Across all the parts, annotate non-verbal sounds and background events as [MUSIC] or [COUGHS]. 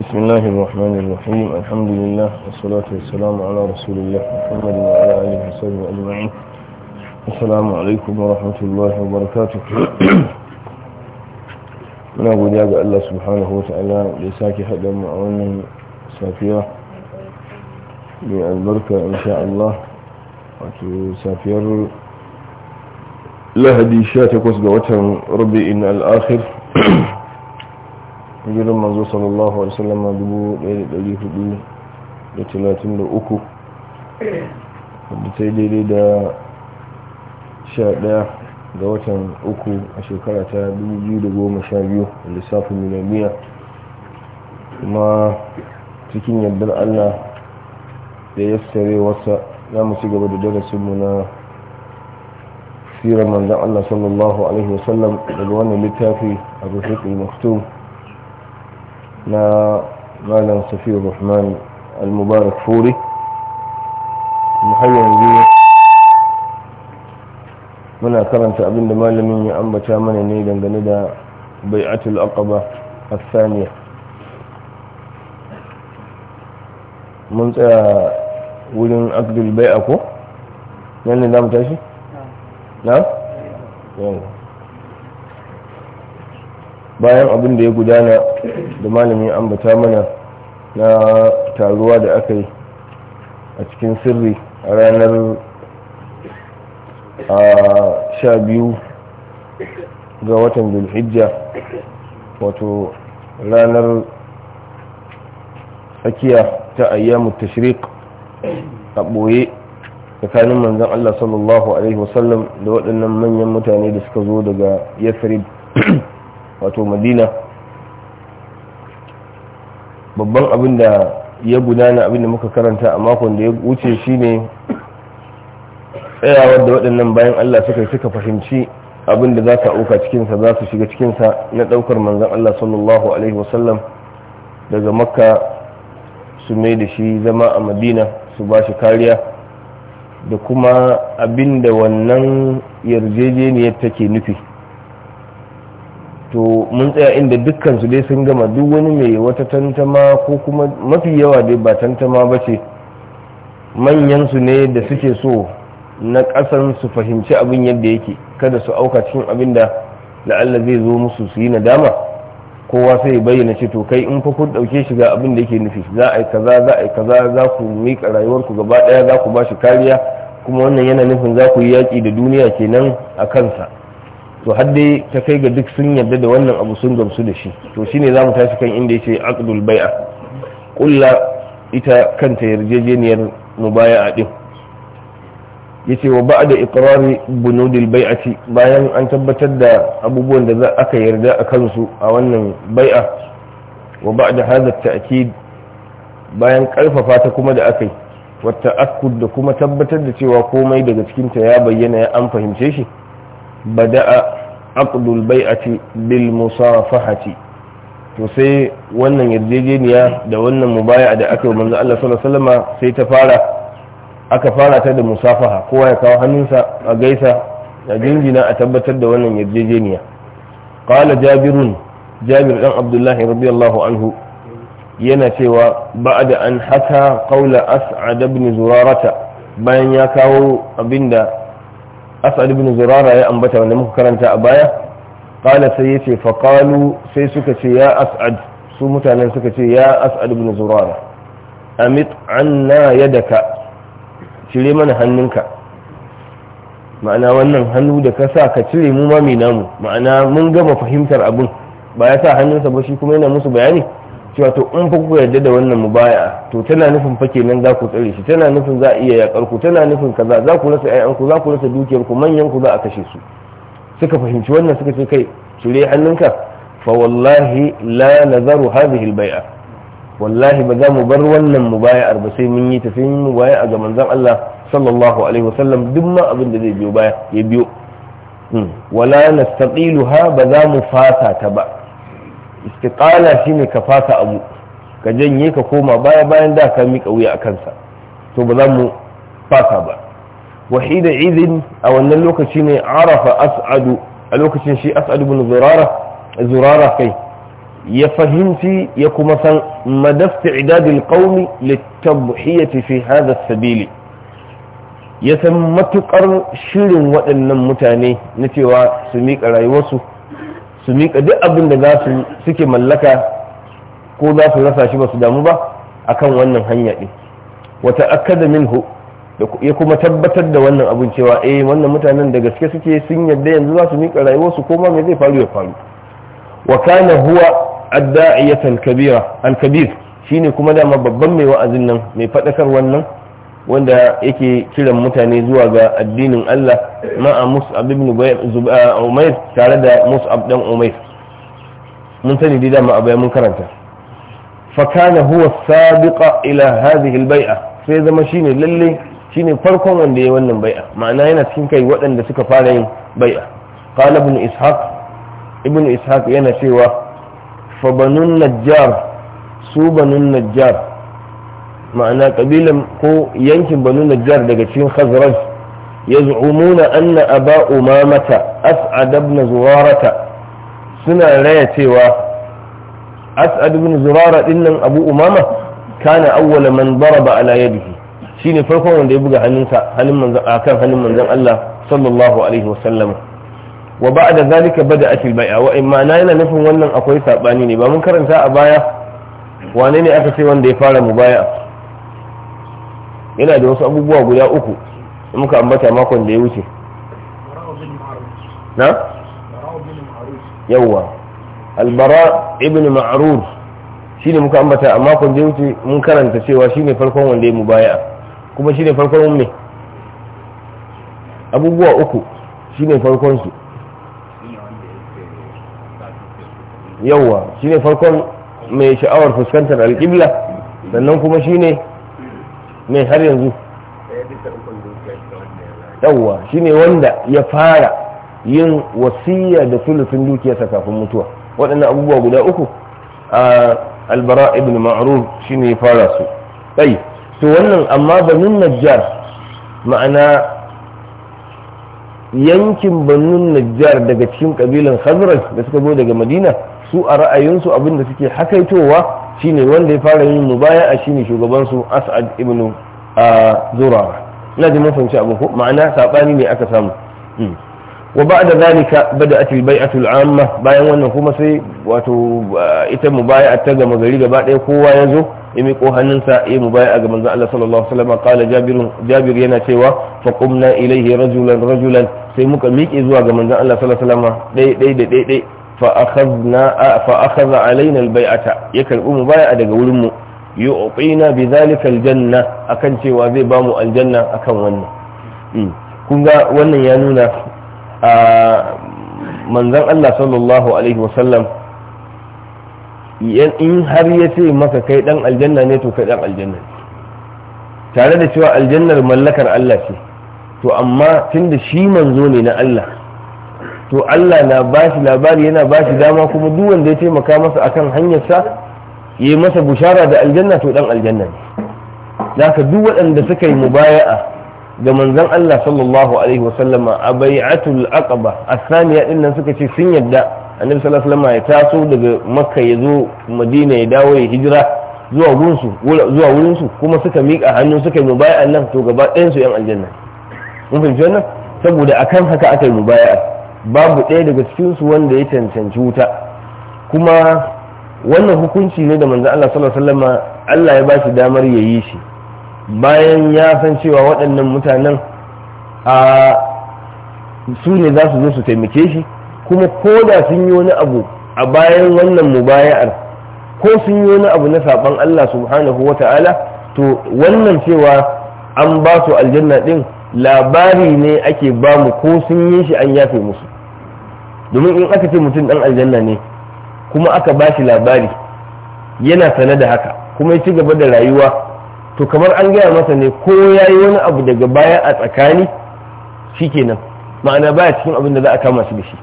بسم الله الرحمن الرحيم الحمد لله والصلاة والسلام على رسول الله محمد وعلى آله وصحبه أجمعين السلام عليكم ورحمة الله وبركاته من أبو دابع الله سبحانه وتعالى لساكي حدا معاونا سافية بالبركة إن شاء الله وتسافير lahadi sha takwas ga watan rabi'in al'akhir [COUGHS] hijirin manzo sallallahu alaihi dubu da hudu da 1433 wadda ta yi daidai da sha 11 ga watan uku a shekara ta dubu biyu biyu da goma sha 2012 lissafin milamiya kuma cikin yardar allah da yassare wasa za mu ci gaba da darasinmu na sirar manzan Allah sallallahu Alaihi wasallam daga wani littafi a rufiƙi maktum na malam safiyar rahman al-mubarak furi har yanzu muna karanta abinda malamin ya ambata mana ne dangane da bai'atul aqaba الثانية mun tsaya wurin akdul bai ako nan ne za mu tashi? bayan abin da ya gudana da malamin ambata mana na taruwa da aka yi a cikin sirri a ranar sha biyu ga watan zulhijja wato ranar tsakiya ta ayyamu tashrik a ɓoye tsakanin manzon Allah sallallahu alaihi wasallam da waɗannan manyan mutane da suka zo daga yathrib [CLEARS THROAT] wato madina babban abin da ya gudana abin da muka karanta a makon da ya wuce shine tsayawar da waɗannan bayan Allah suka suka fahimci abin da za su auka cikinsa za su shiga cikinsa na ɗaukar manzon Allah sallallahu alaihi wasallam daga makka su mai da shi zama a madina su ba shi kariya da kuma abin da wannan yarjejeniyar take nufi to mun tsaya inda dukkansu dai sun gama duk wani mai wata tantama ko kuma mafi yawa dai ba tantama ba ce manyansu ne da suke so na kasan su fahimci abin yadda yake kada su auka cikin abin da la'alla zai zo musu su yi nadama kowa sai bayyana ce to kai in fa kun dauke shi ga abin da yake nufi za a yi kaza za a yi kaza za ku mika rayuwarku ku gaba daya za ku ba shi kariya kuma wannan yana nufin za ku yi yaki da duniya kenan a kansa to har dai ta kai ga duk sun yarda da wannan abu sun gamsu da shi to shine za mu tashi kan inda yake aqdul bai'a kulla ita kanta yarjejeniyar mubaya'a din yace wa da iqrari bunudil bai'ati bayan an tabbatar da abubuwan da za aka yarda a kansu a wannan bai'a wa da hadha ta'kid bayan karfafa ta kuma da akai wata akud da kuma tabbatar da cewa komai daga cikinta ya bayyana ya an fahimce shi bada aqdul bai'ati bil musafahati to sai wannan yarjejeniya da wannan mubaya da aka yi manzo Allah sallallahu alaihi wasallama sai ta fara aka fara ta da musafaha kowa ya kawo hannunsa a gaisa a jingina a tabbatar da wannan yarjejeniya qala jabirun jabir dan abdullahi radiyallahu anhu yana cewa ba'da an haka qawla as'ad ibn zurarata bayan ya kawo abinda as'ad ibn zurara ya ambata wanda muka karanta a baya qala sai yace fa qalu sai suka ce ya as'ad su mutanen suka ce ya as'ad ibn zurara amit anna yadaka cire mana hannunka ma'ana wannan hannu da ka sa ka cire mu ma mai namu ma'ana mun gama fahimtar abin ba ya sa hannunsa ba shi kuma yana musu bayani cewa to in fa ku yarda da wannan mu mubaya to tana nufin fa kenan za ku tsare shi tana nufin za a iya yakar ku tana nufin kaza za ku rasa ayan ku za ku rasa dukiyar ku manyan ku za a kashe su suka fahimci wannan suka ce kai cire hannunka fa wallahi la nazaru hadhihi al-bai'a wallahi ba za mu bar wannan mu ba sai mun yi tafi mu baya a ga manzon Allah sallallahu alaihi wasallam duk ma abin da zai biyo baya ya biyo hmm. wala nastaqiluha ba za mu fasa ta ba istiqala shine ka fasa abu ka janye ka koma baya bayan da ka mika wuya a kansa to ba za mu fasa ba wahida idin a wannan lokaci ne arafa as'adu a lokacin shi as'adu bin zurara zurara kai ya fahimci ya kuma san madafta idadil qaumi litabhiyati fi hada sabili ya san matukar shirin waɗannan mutane na cewa su miƙa rayuwarsu su miƙa duk abin da za su suke mallaka ko za su rasa shi ba su damu ba akan wannan hanya ɗin wata akada minhu ya kuma tabbatar da wannan abin cewa eh wannan mutanen da gaske suke sun yadda yanzu za su miƙa rayuwarsu ko ma me zai faru ya faru wa kana huwa adda'iyatan kabira al shine kuma dama babban mai wa'azin nan mai fadakar wannan wanda yake kiran mutane zuwa ga addinin Allah ma'a Mus'ab ibn Umayr tare da Mus'ab dan Umayr mun sani dai dama abai mun karanta fa kana huwa sabiqa ila hadhihi al-bai'a sai zama shine lalle shine farkon wanda yayi wannan bai'a ma'ana yana cikin kai waɗanda suka fara yin bai'a qala ibn ishaq ibn ishaq yana cewa fa banun najjar su banun najjar ma'ana kabilan ko yankin banun najjar daga cikin khazraj yaz'umuna anna aba umamata as'ad ibn zurarata suna raya cewa as'ad ibn zurara dinnan abu umama kana awwala man daraba ala yadihi shine farkon wanda ya buga hannunsa hannun manzon akan hannun manzon Allah sallallahu alaihi wasallam wa ba da zalika bada al-bai'a wa imma na yana nufin wannan akwai sabani ne ba mun karanta a baya wane ne aka ce wanda ya fara mu baya? yana da wasu abubuwa guda uku muka ambata makon da ya wuce na yawwa albara ibn shi shine muka ambata a makon da ya wuce mun karanta cewa shine farkon wanda ya baya kuma shine farkon ne? abubuwa uku shine farkon su yawwa shine farkon mai sha'awar fuskantar alƙibla sannan kuma shine mai har yanzu yawwa shine wanda ya fara yin wasiya da sulusun dukiyarsa kafin mutuwa waɗannan abubuwa guda uku a albara ibn ma'ruf shine ya fara su tsayi to wannan amma banin najjar ma'ana yankin banin najjar daga cikin kabilan khazraj da suka zo daga madina su a ra'ayinsu abin da suke hakaitowa shine wanda ya fara yin a shine shugaban su as'ad ibn zurawa ina ji mun fahimci abu ma'ana sabani ne aka samu hmm. wa ba'da zalika bada'at al-bai'atu al-amma bayan wannan kuma sai wato ita mubaya'a ta gama gari gaba ɗaya kowa ya zo ya miƙo hannunsa ya mubaya'a ga manzon Allah sallallahu alaihi wasallam qala jabir jabir yana cewa fa qumna ilayhi rajulan rajulan sai muka miƙe zuwa ga manzon Allah sallallahu alaihi wasallam ɗai ɗai da ɗai Fa a harna alainan bai ata, ya karɓi mu baya daga wurin mu. Yau ope na, bai janna. A kan cewa zai bamu aljanna a kan wannan. Ku ga wannan ya nuna? Man zan Allah Sallallahu alaihi wa in har ya ce maka kai dan aljanna ne, to ka dan aljanna. Tare da cewa aljannar mallakar Allah ce. To amma tunda shi manzo ne na Allah. to Allah na bashi labari yana bashi dama kuma duk wanda ya taimaka masa akan hanyarsa yi masa bushara da aljanna to dan aljanna ne haka duk waɗanda suka yi mubaya'a ga manzon Allah sallallahu alaihi wasallama a bai'atul aqaba asaniya din nan suka ce sun yadda annabi sallallahu alaihi wasallama ya taso daga makka ya zo madina ya dawo ya hijira zuwa gunsu zuwa wurin su kuma suka miƙa hannu suka yi mubaya'a nan to gaba ɗayan su yan aljanna mun fahimci wannan saboda akan haka aka yi mubaya'a babu ɗaya daga cikinsu wanda ya cancanci wuta kuma wannan hukunci ne da manzan Allah sallallahu Allah ya bashi damar ya yi shi bayan ya san cewa waɗannan mutanen a su ne za su zo su taimake shi kuma ko da sun yi wani abu a bayan wannan mubaya'ar ko sun yi wani abu na saban Allah subhanahu ta'ala to wannan cewa an ba su aljanna din labari ne ake ba mu ko sun yi shi an yafe musu domin in aka ce mutum dan aljanna ne kuma aka ba shi labari yana sane da haka kuma ya ci gaba da rayuwa to kamar an gaya masa ne ko ya yi wani abu daga baya a tsakani shi kenan ma'ana baya cikin abin da za a kama shi da shi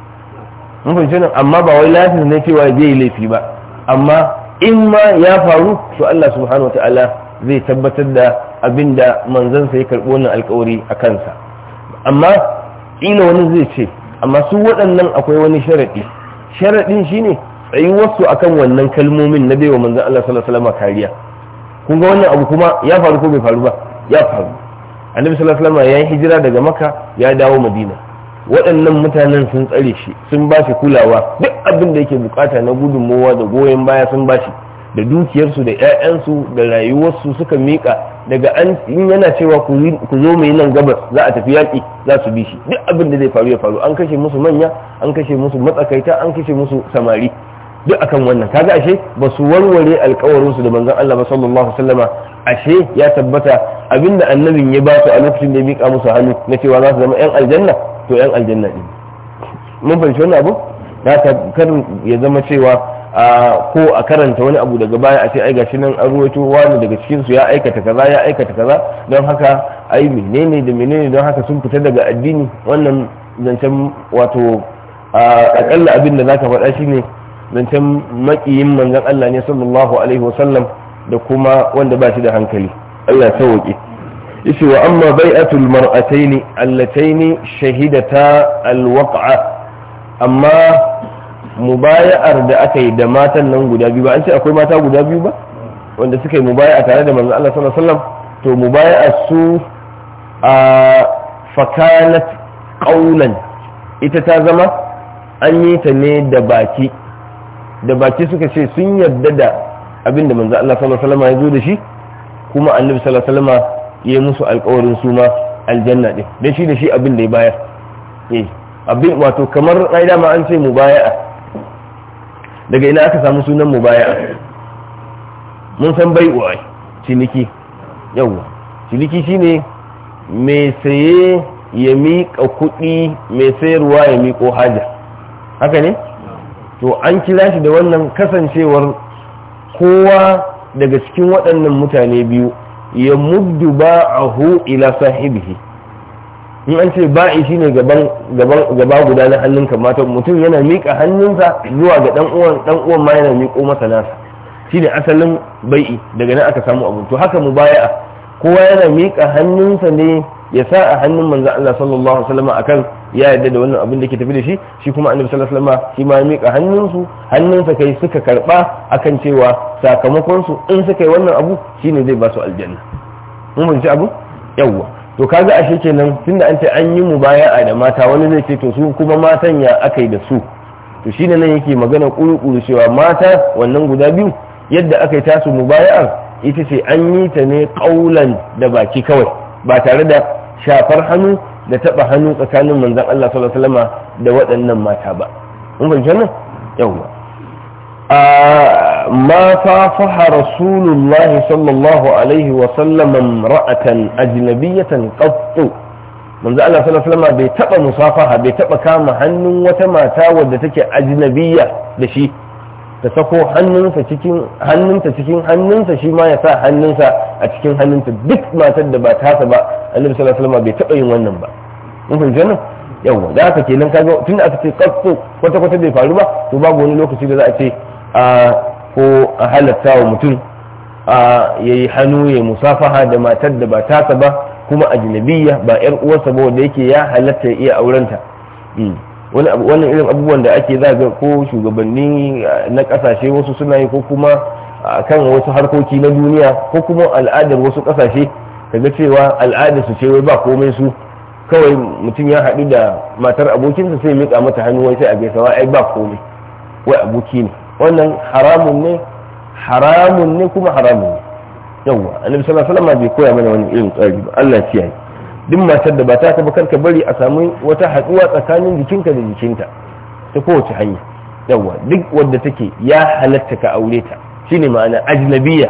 mun fahimci nan amma ba wai lafiya ne cewa zai yi laifi ba amma in ma ya faru to Allah subhanahu ta'ala zai tabbatar da abin da manzansa ya karɓi wannan alkawari a kansa amma ina wani zai ce amma su waɗannan akwai wani sharaɗi sharaɗin shine tsayuwarsu akan wannan kalmomin na baiwa manzan Allah sallallahu alaihi kariya kun ga wannan abu kuma ya faru ko bai faru ba ya faru annabi sallallahu alaihi ya yi hijira daga maka ya dawo madina waɗannan mutanen sun tsare shi sun ba shi kulawa duk abin da yake bukata na gudunmowa da goyon baya sun ba shi da dukiyarsu da 'ya'yansu da rayuwarsu suka mika daga an in yana cewa ku zo mu nan gabas za a tafi yaƙi za su bi shi duk abin da zai faru ya faru an kashe musu manya an kashe musu matsakaita an kashe musu samari duk akan wannan kaga ashe ba su warware alkawarinsu da manzon Allah ba sallallahu sallama ashe ya tabbata abinda annabin ya ba su a lokacin da ya mika musu hannu na cewa za su zama 'yan aljanna to 'yan aljanna ne mun fahimci wannan abu kada ya zama cewa ko a karanta wani abu daga baya a ce ai gashi nan an ruwaito wani daga cikin su ya aikata kaza ya aikata kaza don haka ai menene da menene don haka sun fita daga addini wannan zancen wato akalla abin da zaka faɗa shine zancen makiyin manzon Allah ne sallallahu alaihi wasallam da kuma wanda ba shi da hankali Allah ya sauke yace wa amma bai'atul mar'ataini allataini shahidata alwaq'a amma mubaya'ar da aka yi da matan nan guda biyu ba an ce akwai mata guda biyu ba wanda suka yi mubaya'a tare da manzo Allah sallallahu alaihi wasallam to mubaya'a su a fakanat qaulan ita ta zama an yi ta ne da baki da baki suka ce sun yarda da abin da manzo Allah sallallahu alaihi wasallam ya zo da shi kuma annabi sallallahu alaihi wasallam ya yi musu alƙawarin su ma aljanna din dan shi da shi abin da ya bayar eh abin wato kamar ai dama an ce mubaya'a daga ina aka samu sunan mubaya mun san bai uwa ciniki yawwa ciniki shine mai saye ya miƙa kuɗi mai sayarwa ya miƙo haja haka ne to an kira shi da wannan kasancewar kowa daga cikin waɗannan mutane biyu ya muddu ba'ahu ila sahibihi in an ce ba'i shine gaban gaba guda na hannunka mata mutum yana miƙa hannunsa zuwa ga dan uwan dan uwan ma yana miƙo masa nasa shine asalin bai'i daga nan aka samu abu to haka mu mubaya'a kowa yana miƙa hannunsa ne ya sa a hannun manzo Allah sallallahu alaihi wasallam akan ya yarda da wannan abin da ke tafi da shi shi kuma annabi sallallahu alaihi wasallam shi ma ya miƙa hannunsu hannunsa kai suka karba akan cewa sakamakonsu in suka yi wannan abu shi ne zai ba su aljanna mun ji abu yawwa to kaga ashe kenan tunda an ce an yi mu mubaya'a da mata wani zai ce to su kuma matan ya aka yi da su to shine nan yake magana kuru cewa mata wannan guda biyu yadda aka yi tasu mubaya'ar ita ce an yi ta ne kaulan da baki kawai ba tare da shafar hannu da taɓa hannu tsakanin manzon Allah sallallahu alaihi da waɗannan mata ba mun fahimci nan yawwa ma fafaha rasulullahi sallallahu alaihi wa sallam ra'atan ajnabiyatan qattu manzo Allah sallallahu alaihi bai taba musafaha bai taba kama hannun wata mata wadda take ajnabiya da shi ta sako hannunsa cikin hannunta cikin hannunsa shi ya sa hannunsa a cikin hannunta duk matar da ba tasa ba Allah sallallahu alaihi bai taba yin wannan ba mun fahimta nan yawa da haka kenan kaga tunda aka ce kasso kwata kwata bai faru ba to babu wani lokaci da za a ce ko a halatta wa mutum ya yi hannu ya musafaha da matar da ba tasa ba kuma a jinabiya ba yar uwarsa ba wanda yake ya halatta ya iya aurenta hmm. wannan irin abubuwan da ake zaga ko shugabanni na kasashe wasu suna yi ko kuma kan wasu harkoki na duniya ko kuma al'adar wasu kasashe kaga cewa al'adar su ce wai ba komai su kawai mutum ya haɗu da matar abokinsa sai miƙa mata hannu wai sai a gaisawa ai ba komai wai aboki ne wannan haramun ne haramun ne kuma haramun ne yawwa annabi sallallahu alaihi wasallam bai koya mana wani irin tsari ba Allah ya yi duk matar da ba ta ka ka bari a samu wata haduwa tsakanin jikinka da jikinta ta kowace hanya yawwa duk wanda take ya halatta ka aure ta shine ma'ana ajnabiya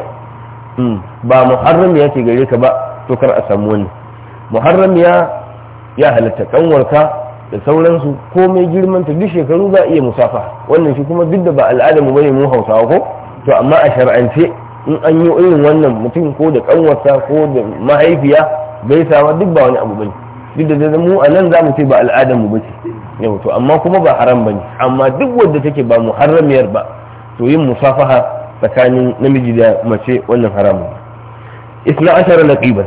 hmm, ba ya ce gare ka ba to kar a samu wani muharramiya ya halatta kanwarka da sauransu ko mai girman ta duk shekaru za iya musafa wannan shi kuma duk da ba al'ada mu bane mu hausawa ko to amma a shar'ance in an yi irin wannan mutum ko da kanwarsa ko da mahaifiya bai sawa duk ba wani abu bane duk da mu a nan za mu ce ba al'adar mu bace yau to amma kuma ba haram bane amma duk wanda take ba muharramiyar ba to yin musafaha tsakanin namiji da mace wannan haramun isna ashara naqiban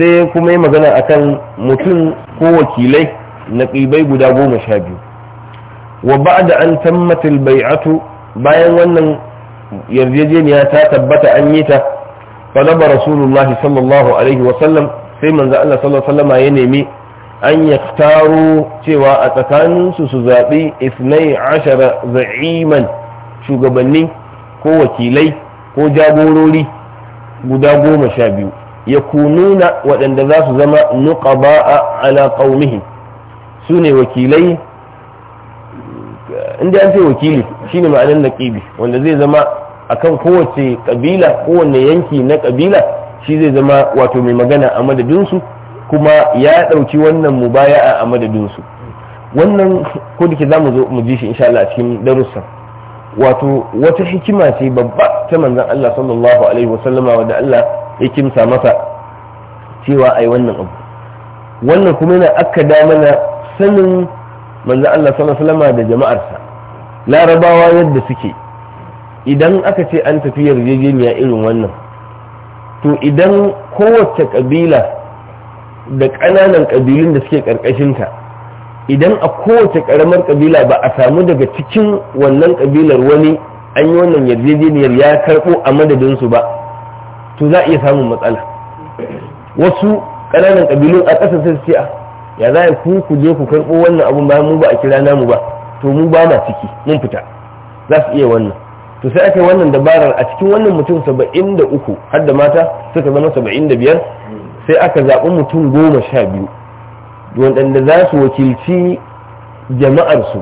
sai kuma yi magana akan mutum ko wakilai naqibai guda goma sha biyu wa da an tammat bai'atu bayan wannan yarjejeniya ta tabbata an yi ta falaba rasulullah sallallahu alaihi wa sallam sai manzo Allah sallallahu alaihi wa ya nemi an yaktaru cewa a tsakaninsu su zaɓi isnai ashara za'iman shugabanni ko wakilai ko jagorori guda goma sha biyu ya kununa waɗanda za su zama nuqaba ala qaumihim su ne wakilai inda an ce wakili shine ma'anar ƙibi wanda zai zama a kan kowace kabila kowane yanki na kabila shi zai zama wato mai magana a madadinsu kuma ya ɗauki wannan mu baya a madadinsu wannan ko da ke za mu zo mu ji shi insha Allah a cikin darussa wato wata hikima ce babba ta manzon Allah sallallahu alaihi wa sallama wanda Allah ya kimsa masa cewa ai wannan abu wannan kuma yana akkada mana sanin manzo Allah sallallahu alaihi da jama'arsa larabawa yadda suke idan aka ce an tafi yarjejeniya irin wannan to idan kowace kabila da ƙananan kabilun da suke ƙarƙashinta idan a kowace ƙaramar kabila ba a samu daga cikin wannan kabilar wani an yi wannan yarjejeniyar ya karɓo a madadinsu ba to za a iya samun matsala wasu ƙananan kabilun a ƙasa sai su ce ah, ya za ku ku je ku karɓo wannan abun bayan mu ba a kira namu ba to mu ba na ciki mun fita za su iya wannan to sai aka yi wannan dabarar a cikin wannan mutum saba'in da uku har da mata suka zama saba'in da biyar sai aka zaɓi mutum goma sha biyu waɗanda za su wakilci jama'arsu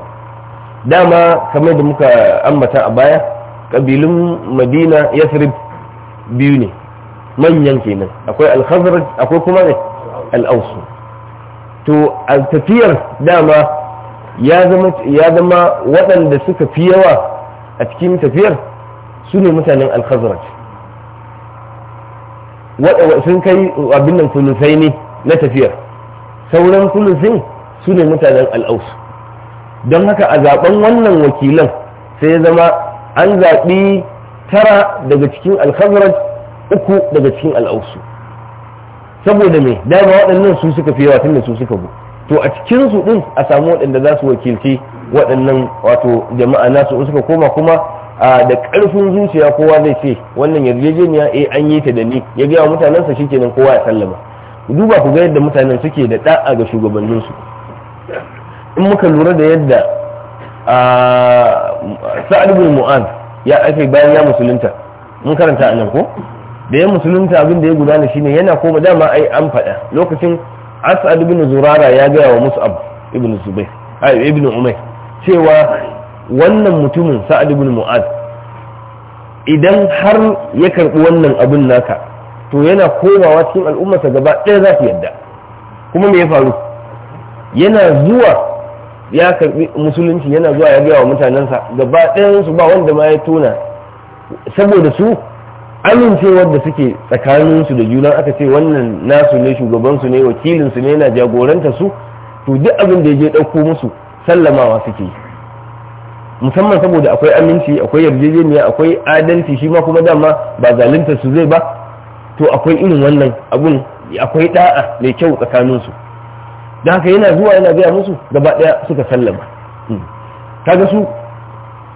dama kamar da muka ambata a baya ƙabilun madina yasrib biyu ne manyan kenan akwai alhazrat akwai kuma ne al'ausu to a tafiyar dama ya zama waɗanda suka fi yawa a cikin tafiyar su ne mutanen alkhazraj sun kai abin nan kulusai ne na tafiyar sauran kulusin su ne mutanen al'aus don haka a zaben wannan wakilan sai ya zama an zaɓi tara daga cikin alkhazraj uku daga cikin al'ausu saboda me dama waɗannan su suka fi yawa tunda su suka bu to a cikin su din a samu waɗanda za su wakilci waɗannan wato jama'a nasu suka koma kuma da ƙarfin zuciya kowa zai ce wannan yarjejeniya eh an yi ta da ni ya gaya sa shikenan kowa ya sallama duba ku ga yadda mutanen suke da da'a ga shugabannin su in muka lura da yadda sa'ad bin mu'an ya ake bayan ya musulunta mun karanta anan ko da ya musulunta abin da ya gudana shine yana koma dama ai an faɗa lokacin as'ad ibn zurara ya gaya wa mus'ab ibn zubair ai ibn umay cewa wannan mutumin sa'ad ibn mu'az idan har ya karbi wannan abin naka to yana komawa cikin al'ummarsa gaba ɗaya za su yadda kuma me ya faru yana zuwa ya karbi musulunci yana zuwa ya gaya wa mutanensa gaba ɗayan su ba wanda ma ya tona saboda su amincewar da suke tsakaninsu da juna aka ce wannan nasu ne shugabansu ne wakilinsu ne yana jagoranta su to duk abin da ya je ɗauko musu sallamawa suke musamman saboda akwai aminci akwai yarjejeniya akwai adalci shi ma kuma dama ba zalunta su zai ba to akwai irin wannan abun akwai da'a mai kyau tsakaninsu da haka yana zuwa yana gaya musu gaba ɗaya suka sallama hmm. kaga su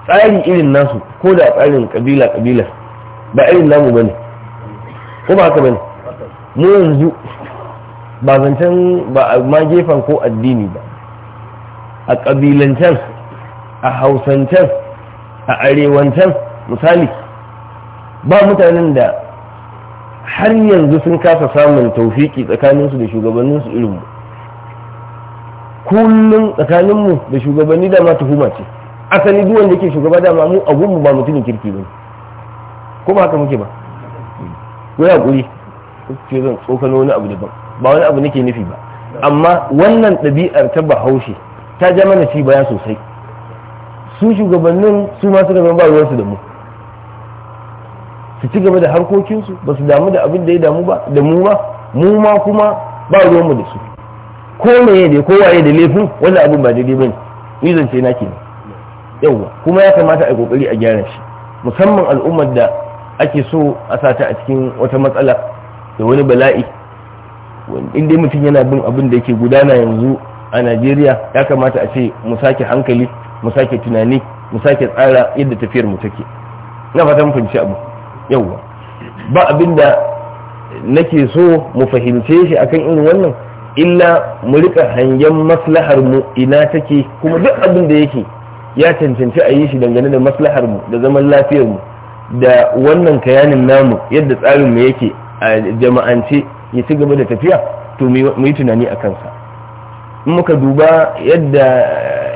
tsari irin nasu ko da tsarin kabila kabila ba irin namu bane ko ba haka bane mu yanzu ba zancen ba ma gefen ko addini ba a ƙabilancen a hausancen a arewancen misali ba mutanen da har yanzu sun kasa samun taufiki tsakaninsu da shugabanninsu irinmu kullum tsakaninmu da shugabanni dama tuhuma ce asali duk wanda ke shugaba dama mu abunmu ba mutumin kirki ba ko ba haka muke ba ko ya kuri ce zan tsokano wani abu daban ba wani abu nake nufi ba amma wannan ɗabi'ar ta bahaushe ta ja mana ci baya sosai su shugabannin su masu da ba ruwansu da mu su ci gaba da harkokinsu ba su damu da abin da ya damu ba da mu ba mu ma kuma ba ruwanmu da su ko meye da kowa waye da laifin wannan abin ba daidai bane ni zance na ne yauwa kuma ya kamata a kokari a gyara shi musamman al'ummar da ake so a sata a cikin wata matsala da wani bala'i in dai mutum yana bin abin da yake gudana yanzu a najeriya ya kamata a ce mu sake hankali mu sake tunani mu sake tsara yadda tafiyar mu take na fata mu fahimci abu yawwa ba abin da nake so mu fahimce shi akan irin wannan illa mu rika hangen maslahar mu ina take kuma duk abin da yake ya cancanci a yi shi dangane da maslahar mu da zaman lafiyar mu da wannan kayanin namu yadda tsarin mu yake a jama'ance ya ci gaba da tafiya to mu yi tunani a kansa in muka duba yadda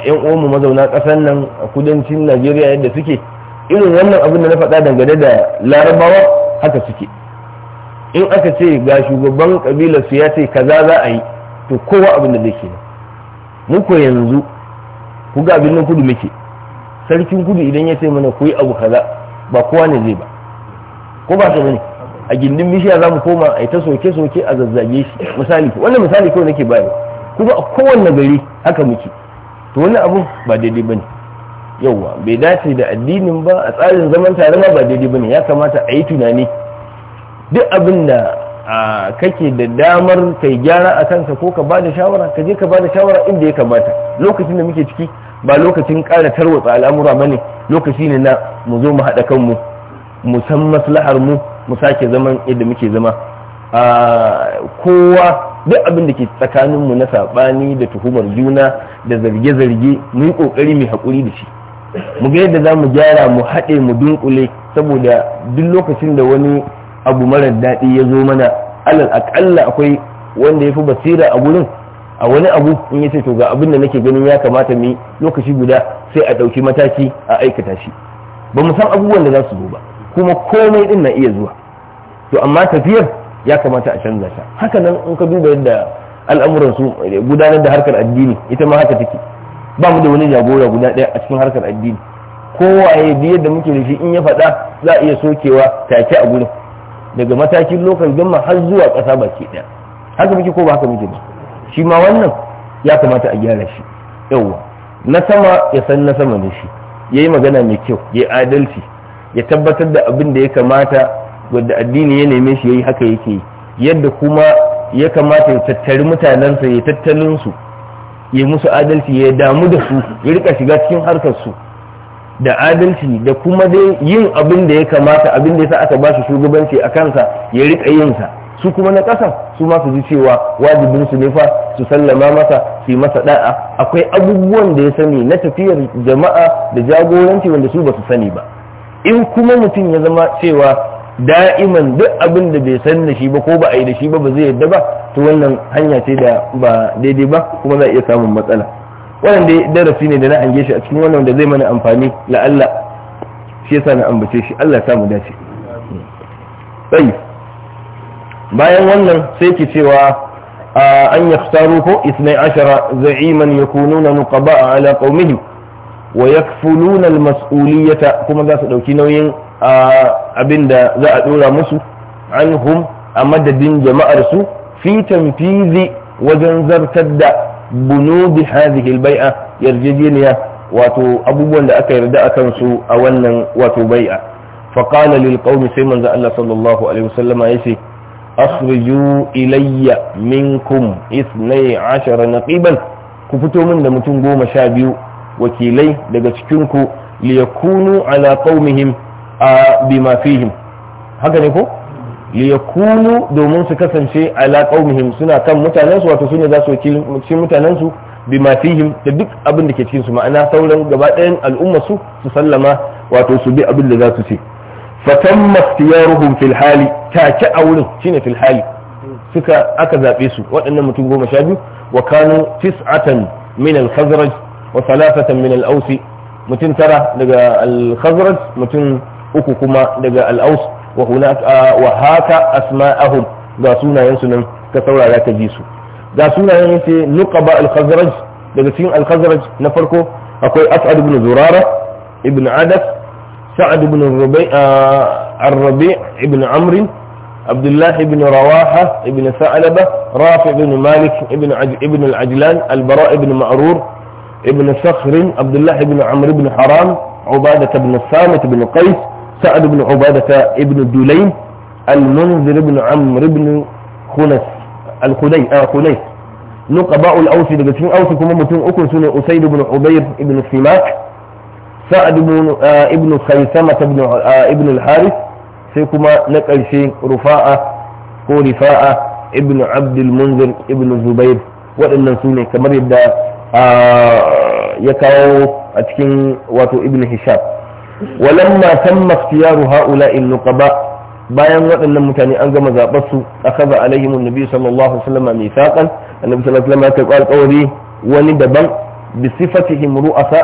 yan eh, uwanmu mazauna ƙasar nan a kudancin najeriya yadda suke irin wannan abin da na faɗa dangane da larabawa haka suke in aka ce ga shugaban kabilar su ya ce kaza za a yi to kowa abin da zai ke mu ko yanzu ku ga abin nan kudu muke sarkin kudu idan ya ce mana ku yi abu kaza ba kowa ne zai ba ko ba ka ne a gindin bishiya za mu koma a ta soke-soke a zazzage shi misali wannan misali kawai nake bayarwa kuma a kowanne gari haka muke to wani abu ba daidai ba ne. yauwa bai dace da addinin ba a tsarin zaman tare ma ba daidai ba ne. ya kamata a yi tunani duk abin da kake da damar kai gyara a kanka ko ka bada shawara ka je ka da shawara inda ya kamata lokacin da muke ciki ba lokacin ƙara tarwatsa al'amura ba ne. lokaci ne na mu zo mu haɗa kanmu mu san maslahar mu mu sake zaman yadda muke zama a kowa duk abin da ke tsakanin mu na saɓani da tuhumar juna da zarge-zarge mu yi ƙoƙari mai haƙuri da shi mu ga yadda za mu gyara mu haɗe mu dunƙule, saboda duk lokacin da wani abu marar daɗi ya zo mana alal akalla akwai wanda ya fi basira a gurin a wani abu in yace to ga abin da nake ganin ya kamata mu lokaci guda sai a ɗauki mataki a aikata shi ba mu san abubuwan da za su zo ba kuma komai din na iya zuwa to amma tafiyar ya kamata a canza ta haka nan in ka duba yadda al'amuran su eh, gudanar da harkar addini ita ma haka take ba mu da wani jagora guda ɗaya a cikin harkar addini kowaye da yadda muke da shi in ya faɗa za a iya sokewa take a gurin daga matakin lokacin gama har zuwa ƙasa baki ɗaya haka muke ko ba haka muke ba shi ma wannan ya kamata a gyara shi yauwa na sama ya san na sama da shi ya yi magana mai kyau ya yi adalci ya tabbatar da abin da ya kamata wadda addini ya neme shi ya yi haka yake yadda kuma ya kamata ya tattari mutanensa ya tattalin su ya musu adalci ya damu da su ya rika shiga cikin harkar su da adalci da kuma dai yin abin da ya kamata abin da ya sa aka ba shi shugabanci a kansa ya rika yin sa su kuma na ƙasa su ma su ji cewa wajibin su ne fa su sallama masa su yi masa da'a akwai abubuwan da ya sani na tafiyar jama'a da jagoranci wanda su ba su sani ba in kuma mutum ya zama cewa da'iman duk abin da bai san da shi ba ko ba a yi da shi ba ba zai yadda ba to wannan hanya ce da ba daidai ba kuma za a iya samun matsala wannan dai darasi ne da na hange shi a cikin wannan da zai mana amfani la'alla shi yasa na ambace shi Allah ya samu dace tsayi bayan wannan sai ki cewa an yaftaru ko isnai ashara za'iman nukaba a ala ƙaumihim wa yakfuluna kuma za su ɗauki nauyin abinda za a ɗora musu hum a madadin jama'ar su fi tanfizi wajen zartar da bunubi hadhihi albai'a yarjejeniya wato abubuwan da aka yarda akan su a wannan wato bai'a faqala lil qaumi sai manzo Allah sallallahu alaihi wasallama yace akhriju ilayya minkum ithnai ashara naqiban ku fito min da mutum goma sha biyu wakilai daga cikin ku liyakunu ala qaumihim bima fihim haka ne ko liyakunu domin su kasance ala qaumihim suna kan mutanensu wato sune za su wakilci mutanensu bima fihim da duk abin da ke cikin su ma'ana sauran gaba ɗayan al'ummar su su sallama wato su bi abin da za su ce fatamma ikhtiyaruhum fil hali take a wurin shine fil hali suka aka zabe su waɗannan mutum goma sha biyu wa kanu tis'atan min al khazraj wa thalathatan min al ausi mutum tara daga al khazraj mutum uku kuma daga al aus wa hunaka wa haka asma'ahum ga sunayen su nan ka saurara ka ji su ga sunayen yace nuqaba al khazraj daga cikin al khazraj na farko akwai as'ad ibn zurara ibn adas سعد بن الربيع آه، الربيع بن عمرو عبد الله بن رواحة بن ثعلبة رافع بن مالك بن ابن العجلان البراء بن معرور بن صخر عبد الله بن عمرو بن حرام عبادة بن الصامت بن قيس سعد بن عبادة بن الدليم المنذر بن عمرو بن خنس الخدي آه خنيس نقباء الأوس daga cikin ausu kuma mutum uku sune Usaid ibn Ubayr sa'ad ibn khaisama eh, ibn eh, al-haris sai kuma na ƙarshe rufa'a ko rifa'a ibn abdul munzir ibn zubair waɗannan su kamar yadda eh, ya kawo a cikin wato ibn hisham walamma tamma ikhtiyaru ha'ula'i nuqaba bayan waɗannan mutane an gama zaɓar su akaza alaihim annabi sallallahu alaihi wasallam mithaqan annabi sallallahu alaihi wasallam ya kai alƙawari wani daban bi sifatihim ru'asa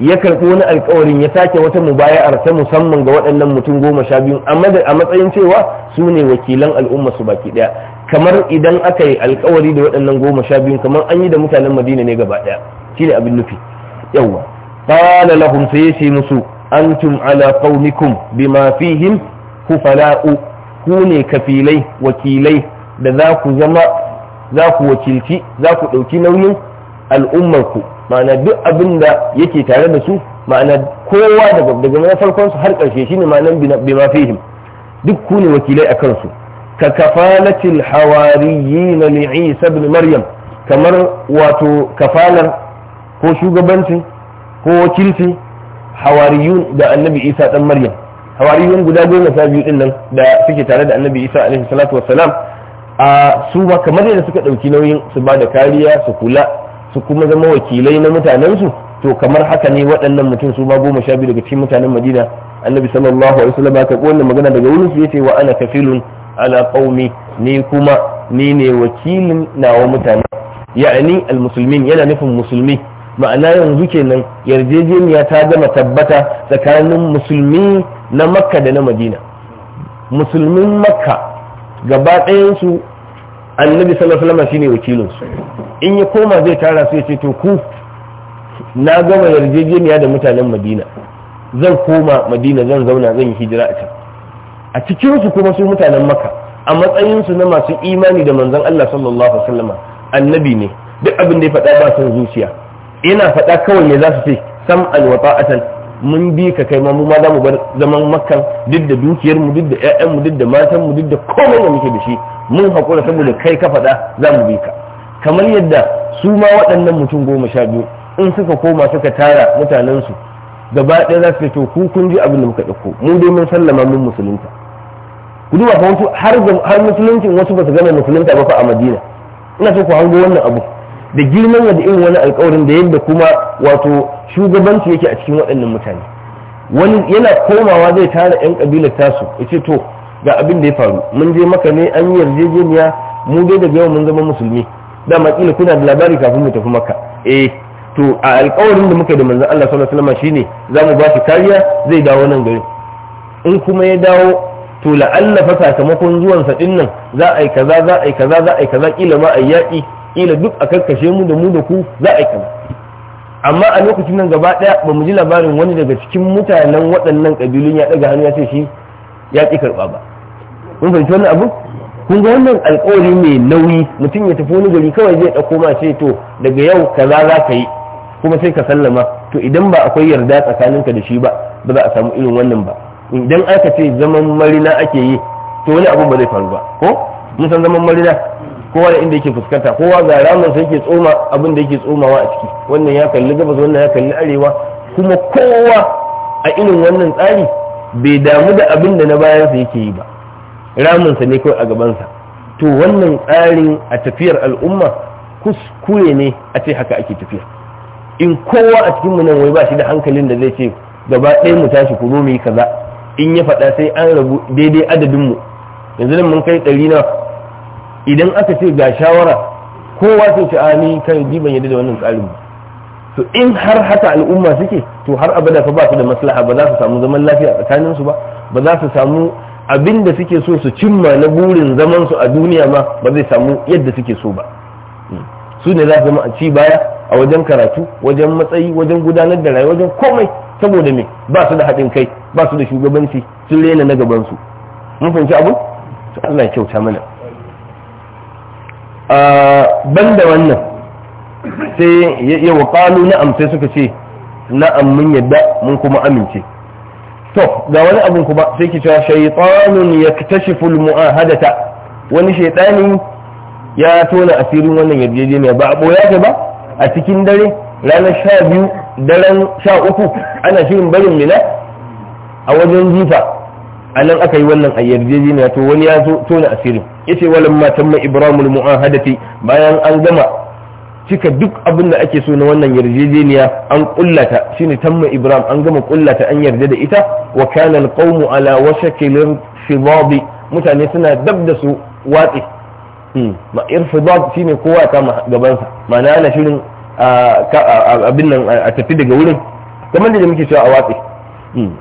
ya karɓi wani alkawarin ya sake wata mubaya'ar ta musamman ga waɗannan mutum goma sha biyu a matsayin cewa su ne wakilan al'umma su baki ɗaya kamar idan aka yi alkawari da waɗannan goma sha biyu kamar an yi da mutanen madina ne gaba ɗaya shi ne abin nufi yawwa qala lahum sai ya ce musu antum ala qaumikum bima fihim kufala'u ku ne kafilai wakilai da za ku zama za ku wakilci za ku ɗauki nauyin al'ummarku ma'ana duk abin da yake tare da su ma'ana kowa daga daga na farkon su har karshe shine ma'anan bima fihim duk ku ne wakilai a kansu ka kafalatil hawariyina li Isa ibn Maryam kamar wato kafalar ko shugabanci ko wakilci hawariyun da annabi Isa dan Maryam hawariyun guda goma sha biyu dinnan da suke tare da annabi Isa alaihi salatu wassalam a su ma kamar yadda suka dauki nauyin su ba da kariya su kula su kuma zama wakilai na mutanensu to kamar haka ne waɗannan mutum su ma goma sha biyu daga cikin mutanen madina annabi sallallahu alaihi wasallam aka kowanne magana daga wurin su yace wa ana kafilun ala qaumi ni kuma ni ne wakilin nawa mutane ya'ani almuslimin yana nufin musulmi ma'ana yanzu kenan yarjejeniya ta gama tabbata tsakanin musulmi na makka da na madina musulmin makka gaba ɗayansu annabi sallallahu alaihi wasallam shine wakilinsu in ya koma zai tara su ya ce to ku na gama yarjejeniya da mutanen madina zan koma madina zan zauna zan yi hijira a can a cikinsu kuma su mutanen maka a matsayinsu na masu imani da manzon allah sallallahu alaihi wasallama annabi ne duk abin da ya faɗa ba son zuciya yana faɗa kawai ne za su ce sam al wata'atan mun bi ka kai ma mu ma za mu bar zaman makkan duk da dukiyar mu duk da ƴaƴan mu duk da matan mu duk da komai da muke da shi mun hakura saboda kai ka faɗa za mu bi ka kamar yadda su ma waɗannan mutum goma sha biyu in suka koma suka tara mutanensu gaba ɗaya za su to ku kun ji abin da muka ɗauko mu dai mun sallama mun musulunta ku duba fa wasu har musuluncin wasu ba su gama musulunta ba fa a madina ina so ku hango wannan abu da girman da irin wani alƙawarin, da yadda kuma wato shugabanci yake a cikin waɗannan mutane wani yana komawa zai tara 'yan kabilar tasu ya ce to ga abin da ya faru mun je maka ne an yi yarjejeniya mu dai daga yau mun zama musulmi da matsila kuna da labari kafin mu tafi maka eh to a alƙawarin da muka yi da manzo Allah sallallahu alaihi wasallam shine za mu ba shi kariya zai dawo nan gari in kuma ya dawo to la'alla fa sakamakon zuwan sa dinnan za a yi kaza za a yi kaza za a yi kaza kila ma a yaƙi kila duk a karkashe mu da mu da ku za a yi kaza amma a lokacin nan gaba daya ba mu ji labarin wani daga cikin mutanen waɗannan ƙabilun ya ɗaga hannu ya ce shi ya ƙi karɓa ba mun fahimci wannan abu kun ga wannan alkawari mai nauyi mutum ya tafi wani gari kawai zai ɗauko ma ce to daga yau kaza za ka yi kuma sai ka sallama to idan ba akwai yarda tsakaninka da shi ba ba za a samu irin wannan ba idan aka ce zaman marina ake yi to wani abun ba zai faru ba ko mun san zaman marina kowa da inda yake fuskanta kowa ga ramin sai yake tsoma abin da yake tsomawa a ciki wannan ya kalli gabas wannan ya kalli arewa kuma kowa a irin wannan tsari bai damu da abin da na bayansa yake yi ba Ramunsa ne kawai a gabansa to wannan tsarin a tafiyar al'umma kuskure ne a ce haka ake tafiya in kowa a cikin nan wai ba shi da hankalin da zai ce gaba ɗaya mu tashi ku zo mu yi kaza in ya faɗa sai an rabu daidai adadin mu yanzu nan mun kai ɗari na idan aka ce ga shawara kowa sai ce a ah, ni kan ji ban yadda da wannan tsarin ba to in har haka al'umma suke to har abada fa ba su da maslaha ba za su samu zaman lafiya tsakanin su ba ba za su samu abin da suke so su cimma na burin zaman su a duniya ma ba zai samu yadda suke so ba hmm. su ne za su zama a ci baya a wajen karatu wajen matsayi wajen gudanar da rayuwa wajen komai saboda me ba su da haɗin kai ba su da shugabanci sun rena na gaban su mun fahimci abu to Allah ya kyauta mana ah, banda wannan sai ya waqalu na'am sai suka ce na'am mun yadda mun kuma amince to ga wani abun kuma sai ki cewa shaytanun yaktashifu almu'ahadata wani shaytani ya tona asirin wannan yarjejeniya ba a boya ta ba a cikin dare ranar sha biyu daren sha uku ana shirin barin mina a wajen jifa a nan aka yi wannan a yarjejeniya to wani ya zo tona asirin yace walamma tamma ibramul mu'ahadati bayan an gama cika duk abin da ake so na wannan yarjejeniya an kullata shine tamma ibrahim an gama kullata an yarda da ita wa kana alqawmu ala washakil fidad mutane suna dab da su watsi hmm, ma irfidad shine kowa kama gaban sa ma'ana ana shirin abin nan a tafi daga wurin kamar da muke cewa a watsi hmm,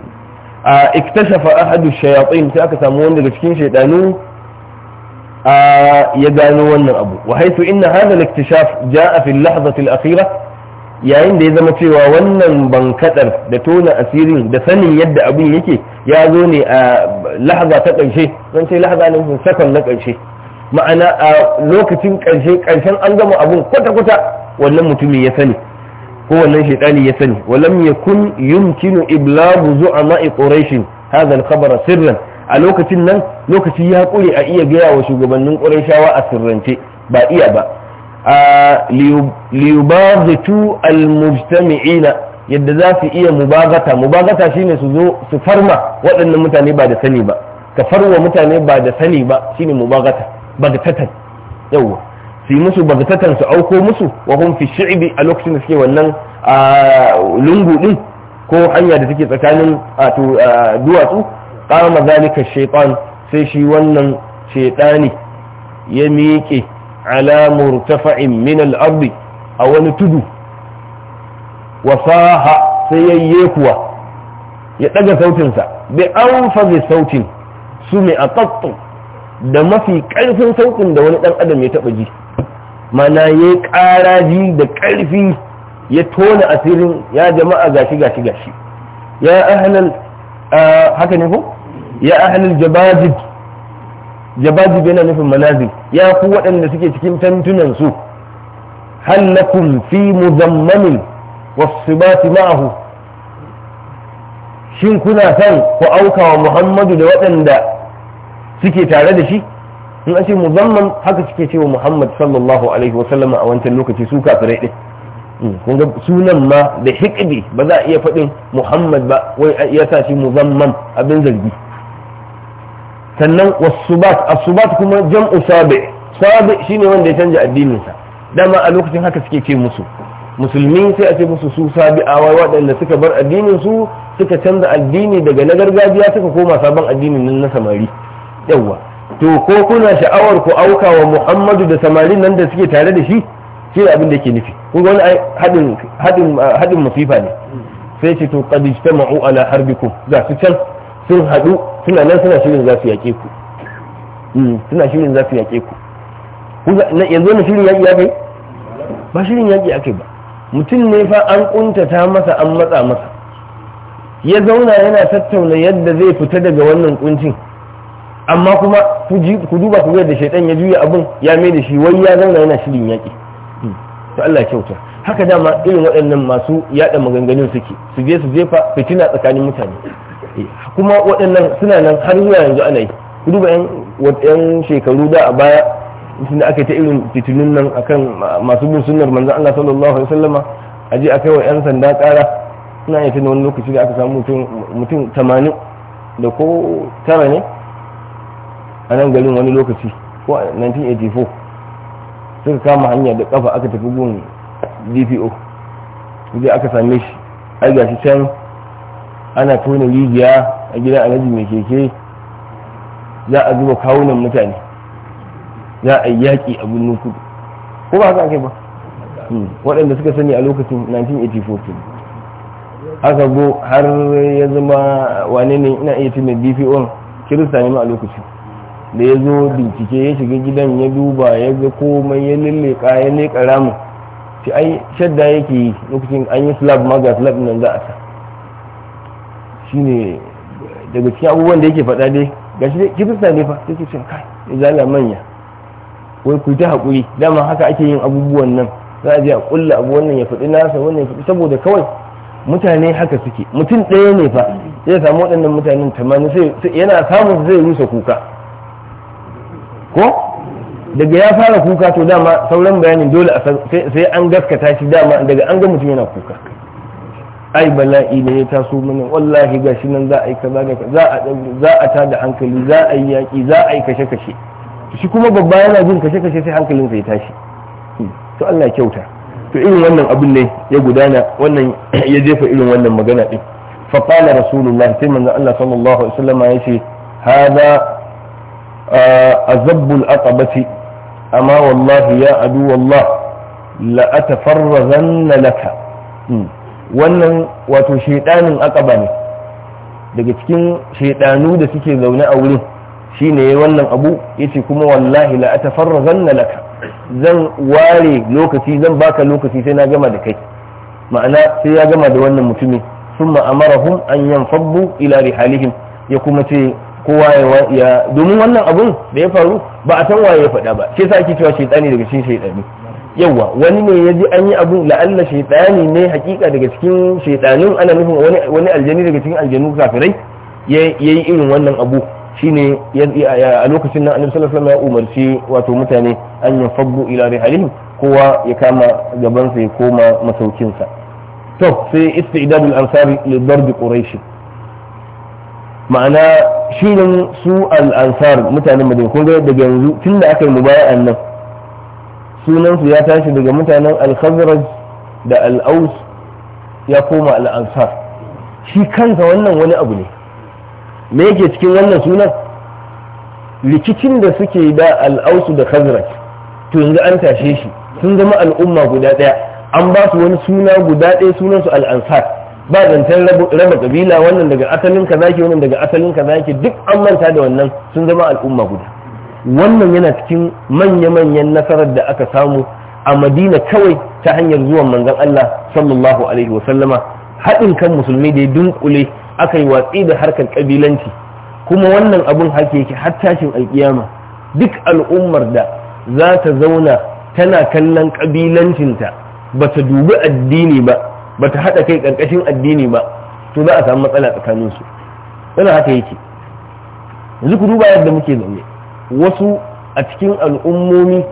iktashafa ahadu shayatin sai aka samu wanda daga cikin shaydanu ya gano wannan abu wa haitu inna hadha al-iktishaf jaa fi al-lahzati al-akhira yayin da ya zama cewa wannan bankadar da tona asirin da sanin yadda abin yake ya zo ne a lahza ta ƙarshe zan ce lahza ne sakon na karshe ma'ana a lokacin karshe karshen an gama abun kwata-kwata wannan mutumin ya sani ko wannan shaitani ya sani walam yakun yumkinu iblagu zu'ama quraish hadha al-khabara sirran a lokacin nan lokaci ya ƙure a iya gaya wa shugabannin shawa a sirrance ba iya ba a al almujtami'ina yadda za su iya mubagata mubagata shine su zo su farma waɗannan mutane ba da sani ba ka farwa mutane ba da sani ba shine mubagata bagatatan yawwa su yi musu bagatatan su auko musu wa hum fi shi'bi a lokacin da suke wannan lungu ɗin, ko hanya da take tsakanin duwatsu kama zalika shaytan sai shi wannan shaytani ya miƙe ala murtafa'in min al a wani tudu wasaha sai yayye kuwa ya ɗaga sautinsa bi anfazi sautin sumi aqattu da mafi ƙarfin sautin da wani ɗan adam ya taɓa ji mana ya ƙara ji da ƙarfi ya tona asirin ya jama'a gashi gashi gashi ya ahlal haka ne ko ya ahlul jabajid jabajid yana nufin manazil ya ku waɗanda suke cikin tantunan su hal lakum fi muzammamin wasibati ma'ahu shin kuna san ku auka wa muhammadu da waɗanda suke tare da shi in an ce muzamman haka suke cewa muhammad sallallahu alaihi wasallam a wancan lokaci su kafirai ɗin Mm. Kunga sunan ma da hikbi ba za a iya faɗin muhammad ba wai ya sa shi muzamman abin zargi sannan wasubat asubat kuma jam'u sabi sabi shine wanda ya canja addininsa dama a lokacin haka suke ce musu musulmi sai a ce musu su sabi wai waɗanda suka bar addinin su suka canza addini daga na gargajiya suka koma sabon addinin nan na samari yawwa to ko kuna sha'awar ku auka wa muhammadu da samari nan da suke tare da shi shi da abin da ke nufi kun ga wani haɗin ah, masifa ne sai ce to ta ma'u ala harbikum za su can sun haɗu suna nan suna shirin za su yake ku hmm, suna shirin za su yaƙe ku yanzu wani shirin yaƙi ya kai ba shirin yaƙi ake ba mutum ne fa an kuntata masa an matsa masa ya zauna yana tattauna yadda zai fita daga wannan kuncin amma kuma ku duba ku ga da shaitan ya juya abin ya mai da shi wai ya zauna yana shirin yaƙi. to Allah kyauta haka dama irin waɗannan masu yada maganganu suke su je su jefa fitina tsakanin mutane eh, kuma waɗannan suna nan har zuwa yanzu ana yi duba yan shekaru da a baya sun aka ta irin fitinun nan akan masu bin sunnar manzon Allah sallallahu alaihi wasallama aje akai wa yan sanda ƙara ina yi tunan wani lokaci da aka samu mutum tamanin da ko tara ne a nan garin wani lokaci ko 1984 suka kama hanya da kafa aka tafi gun dpo da aka same shi a gashi can ana tona rijiya a gidan alhaji mai keke za a zuba kawunan mutane za a yi yaƙi a birnin kudu ko ba haka ake ba hmm. waɗanda suka sani a lokacin 1984 aka go har ya zama wane ne ina iya tunan dpo kirista ne ma a lokacin da ya zo bincike ya shiga gidan ya duba ya ga komai ya lalleka ya leƙa ramu shi ai shadda yake yi lokacin an yi slab ma ga slab nan za a sa ne daga cikin abubuwan da yake faɗa dai ga shi kirista ne fa yake cewa kai zala manya wai ku ta haƙuri dama haka ake yin abubuwan nan za a je a ƙulla abu wannan ya faɗi nasa wannan ya faɗi saboda kawai mutane haka suke mutum ɗaya ne fa zai samu waɗannan mutanen tamanin sai yana samun zai rusa kuka ko daga ya fara kuka to dama sauran bayanin dole a sai an gaskata shi dama daga an ga mutum yana kuka ai bala'i ne ya taso mana wallahi shi nan za a yi kaza da za a za a da hankali za a yi yaki za a yi kashe kashe shi kuma babba yana jin kashe kashe sai hankalinsa ya tashi hmm. to Allah kyauta to irin wannan abin ne ya gudana wannan [CLEARS THROAT] ya jefa irin wannan magana din fa qala rasulullahi sai manzo Allah sallallahu alaihi wasallam ya ce hada azabbul aqabati amma wallahi ya adu wallah la atafarrazanna laka wannan wato shaidanin aqaba ne daga cikin shaidanu da suke zaune a wurin shine wannan abu yace kuma wallahi la atafarrazanna laka zan ware lokaci zan baka lokaci sai na gama da kai ma'ana sai ya gama da wannan mutumin sun ma'amarahum an yanfabbu ila rihalihim ya kuma ce kowa ya domin wannan abun da ya faru ba a san waye ya faɗa ba shi yasa ake cewa shaytani daga cikin shaytani yawa wani ne ya an yi abun la'alla shaytani ne hakika daga cikin shaytanin ana nufin wani wani aljani daga cikin aljanu kafirai yayi irin wannan abu shine a lokacin nan annabi sallallahu alaihi wasallam ya umarci wato mutane an yafabbu ila rihalihim kowa ya kama gabansa ya koma masaukin sa to sai istidadul ansari li darbi quraish ma'ana shirin su al'ansar mutanen madina kun ga daga yanzu tun da aka yi mubaya'an nan sunansu ya tashi daga mutanen al da al-aus ya koma al'ansar shi kansa wannan wani abu ne me yake cikin wannan sunan rikicin da suke da al'ausu da khazraj to yanzu an tashe shi sun zama al'umma guda ɗaya an ba su wani suna guda ɗaya sunansu al'ansar ba zancen raba kabila wannan daga asalin kaza ke wannan daga asalin kaza ke duk an manta da wannan sun zama al'umma guda wannan yana cikin manya-manyan nasarar da aka samu a madina kawai ta hanyar zuwan manzon Allah sallallahu alaihi wa sallama haɗin kan musulmi da ya dunkule aka yi watsi da harkar kabilanci kuma wannan abun hake yake har tashin alkiyama duk al'ummar da za ta zauna tana kallon kabilancinta ba ta dubi addini ba ba ta haɗa kai ƙarƙashin addini ba to za a samu matsala tsakanin su wannan haka yake yanzu ku duba yadda muke zaune wasu a cikin al'ummomi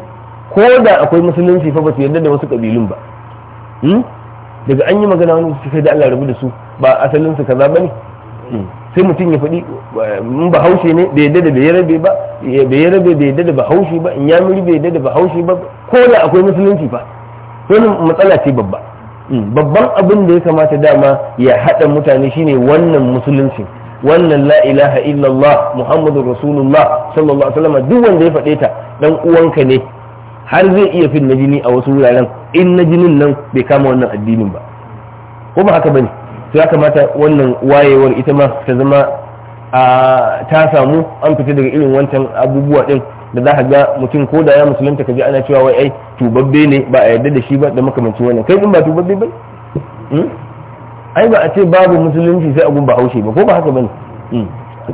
ko da akwai musulunci fa ba su yarda da wasu ƙabilun ba hmm? daga an yi magana wani sai da Allah rabu da su ba asalin su kaza ne? Hmm. sai mutum ya faɗi in ba haushe ne bai yadda da bai rabe ba bai rabe bai yadda da ba haushe ba in ya bai yadda da ba haushe ba ko da akwai musulunci fa wani matsala ce babba babban abin da ya kamata dama ya haɗa mutane shine wannan musulunci wannan la ilaha illallah muhammadu rasulullah sallallahu alaihi wasallam duk wanda ya faɗe ta dan uwanka ne har zai iya fin na jini a wasu wuraren in na jinin nan bai kama wannan addinin ba ko ba haka bane to ya kamata wannan wayewar ita ma ta zama ta samu an fita daga irin wancan abubuwa din da za ka ga mutum ko da ya musulunta ka ji ana cewa wai ai tubabbe ne ba a yarda da shi ba da makamanci wannan kai in ba tubabbe ba hmm? ai ba a ce babu musulunci sai abun ba haushe ba ko ba haka bane hmm.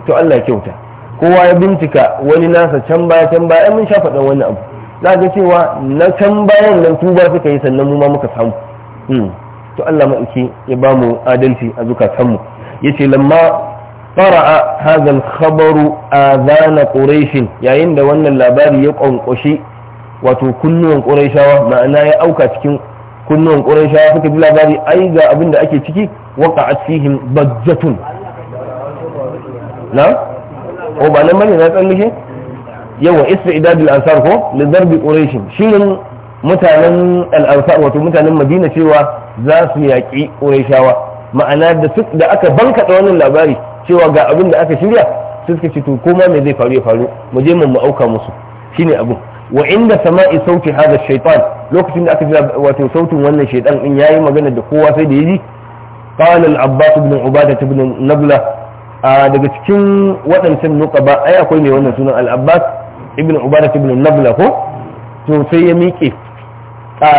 to Allah ya kyauta kowa ya bincika wani nasa can baya can baya mun sha faɗan wani abu za ga cewa na can bayan nan tuba suka yi sannan mu ma muka samu hmm. to Allah ma'aiki ya ba mu adalci a zukatanmu yace lamma fara'a hazal khabaru zana ƙorashin yayin da wannan labari ya ƙwanƙwashi wato kunnuwan ƙorashawa, ma'ana ya auka cikin kunnuwan ƙorashawa suka ji labari ai ga abin da ake ciki a cikin bajjatun na o oh, ba nan bane na tsallake yawa isra idadul ansar ko li darbi shirin mutanen al wato mutanen madina cewa za su yaƙi ƙorashawa, ma'ana da da aka bankaɗa wannan labari cewa ga abin da aka shirya sai suka ce to koma me zai faru ya faru mu je mu auka musu shine abin wa inda sama'i sauti hada shaitan lokacin da aka ji wato sautin wannan shaitan din yayi magana da kowa sai da yaji qala al abbas ibn ubada ibn nabla daga cikin waɗancan nuqaba ai akwai ne wannan sunan al abbas ibn ubada ibn nabla ko to sai ya miƙe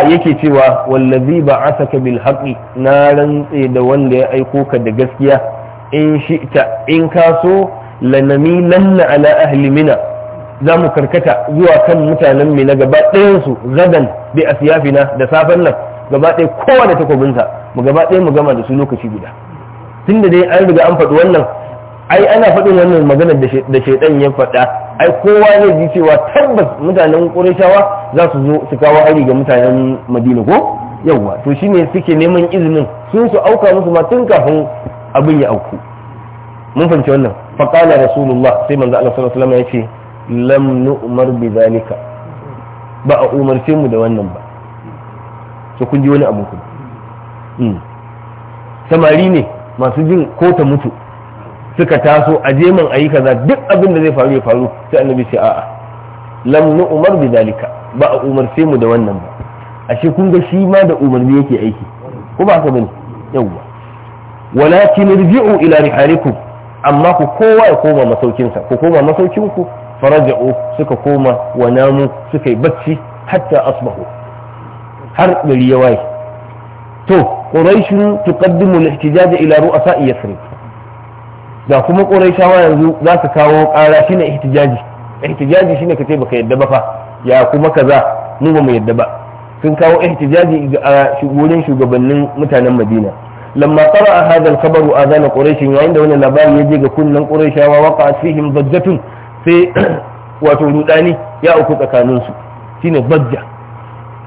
yake cewa wallazi ba'asaka bil haqqi na rantse da wanda ya aiko ka da gaskiya in shi'ta in kaso lanami lanna ala ahli mina za mu karkata zuwa kan mutanen mina gaba su gadan bi asiyafina da safen nan gaba ɗaya kowa da takobinsa mu gaba ɗaya mu gama da su lokaci guda tunda dai an riga an faɗi wannan ai ana faɗin wannan maganar da shaidan ya faɗa ai kowa ne ji cewa tabbas mutanen ƙurashawa za su zo su kawo hari ga mutanen madina ko yawwa to shine suke neman izinin sun su auka musu ma tun kafin abin ya auku mun fahimci wannan faqala rasulullah sai manzo Allah sallallahu alaihi wasallam yace lam nu'mar bi zalika ba a umarce mu da wannan ba to kun ji wani abu ku hmm. samari ne masu jin ko ta mutu suka taso a man ayi kaza duk abin da zai faru ya faru sai annabi ce a'a lam nu'mar bi zalika ba a umarce mu da wannan ba ashe kun ga shi ma da umarni yake aiki ko ba ka bane yawwa walakin irji'u ila rihalikum amma ku kowa ya koma masaukinsa ku koma masaukinku faraja'u suka koma wa namu suka yi bacci hatta asbahu har gari ya waye to quraishun tuqaddimu al-ihtijaj ila ru'asa'i yasrib da kuma quraishawa yanzu za su kawo ƙara shine ihtijaji ihtijaji shine kace baka yadda ba fa ya kuma kaza ni ba mu yadda ba sun kawo ihtijaji ga shugabannin mutanen Madina lamma a hadha kabaru khabaru azana quraish yayin da wannan labari ya je ga kunnan quraishawa waqa'at fihim bajjatun sai wato rudani ya auku tsakanin su shine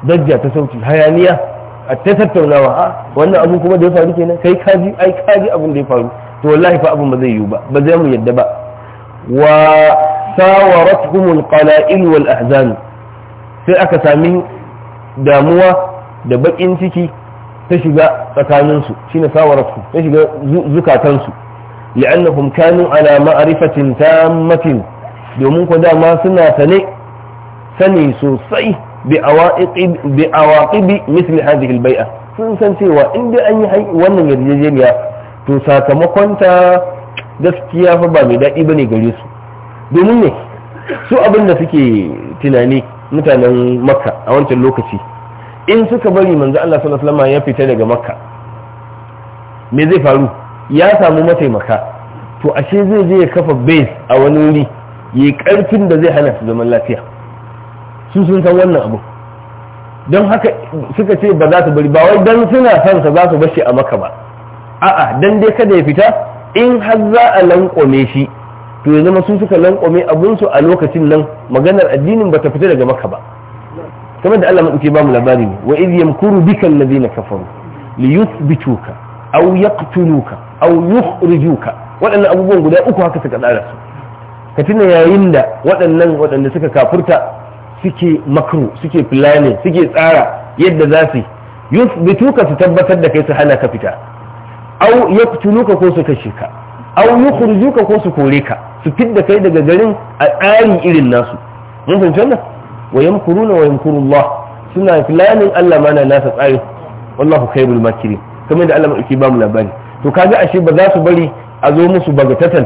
bajja ta sauti hayaniya a ta tattaunawa a wannan abu da ya faru kenan kai kaji ai kaji abin da ya faru to wallahi abin ba zai yiwu ba ba zai mu yadda ba wa sawaratuhum sai aka sami damuwa da bakin ciki ta shiga tsakaninsu shine sawararsu ta shiga zukatansu li'annahum ana ala ta matin domin ku dama suna sane sani sosai bi awaqibi misli hadhihi baia sun san cewa in da an yi wannan yarjejeniya to sakamakon ta gaskiya fa ba mai daɗi ba ne gare su domin ne su abin da suke tunani mutanen makka a wancan lokaci in suka bari manzo Allah sallallahu alaihi ya fita daga makka me zai faru ya samu mataimaka to ashe zai je ya kafa base a wani wuri yi karfin da zai hana su zaman lafiya su sun san wannan abu don haka suka ce ba za su bari ba wai dan suna san sa za su bashi a Makka ba a'a dan dai kada ya fita in har za a lankwame shi to ya zama su suka lankwame abun su a lokacin nan maganar addinin ba ta fita daga Makka ba kamar da Allah madauki ba mu labari ne wa idh yamkuru bika alladhina kafaru li yuthbituka aw yaqtuluka aw yukhrijuka waɗannan abubuwan guda uku haka suka tsara su ka tuna yayin da waɗannan waɗanda suka kafurta suke makru suke planning suke tsara yadda za su yuthbituka su tabbatar da kai su hana ka fita aw yaqtuluka ko su kashe ka aw yukhrijuka ko su kore ka su fidda kai daga garin a tsari irin nasu mun fahimci wannan wa yamkuruna wa yamkurullah suna planning Allah mana nasa tsari wallahu khairul makirin kamar da Allah mai ba mu labari to kaga ashe ba za su bari a zo musu bagatatan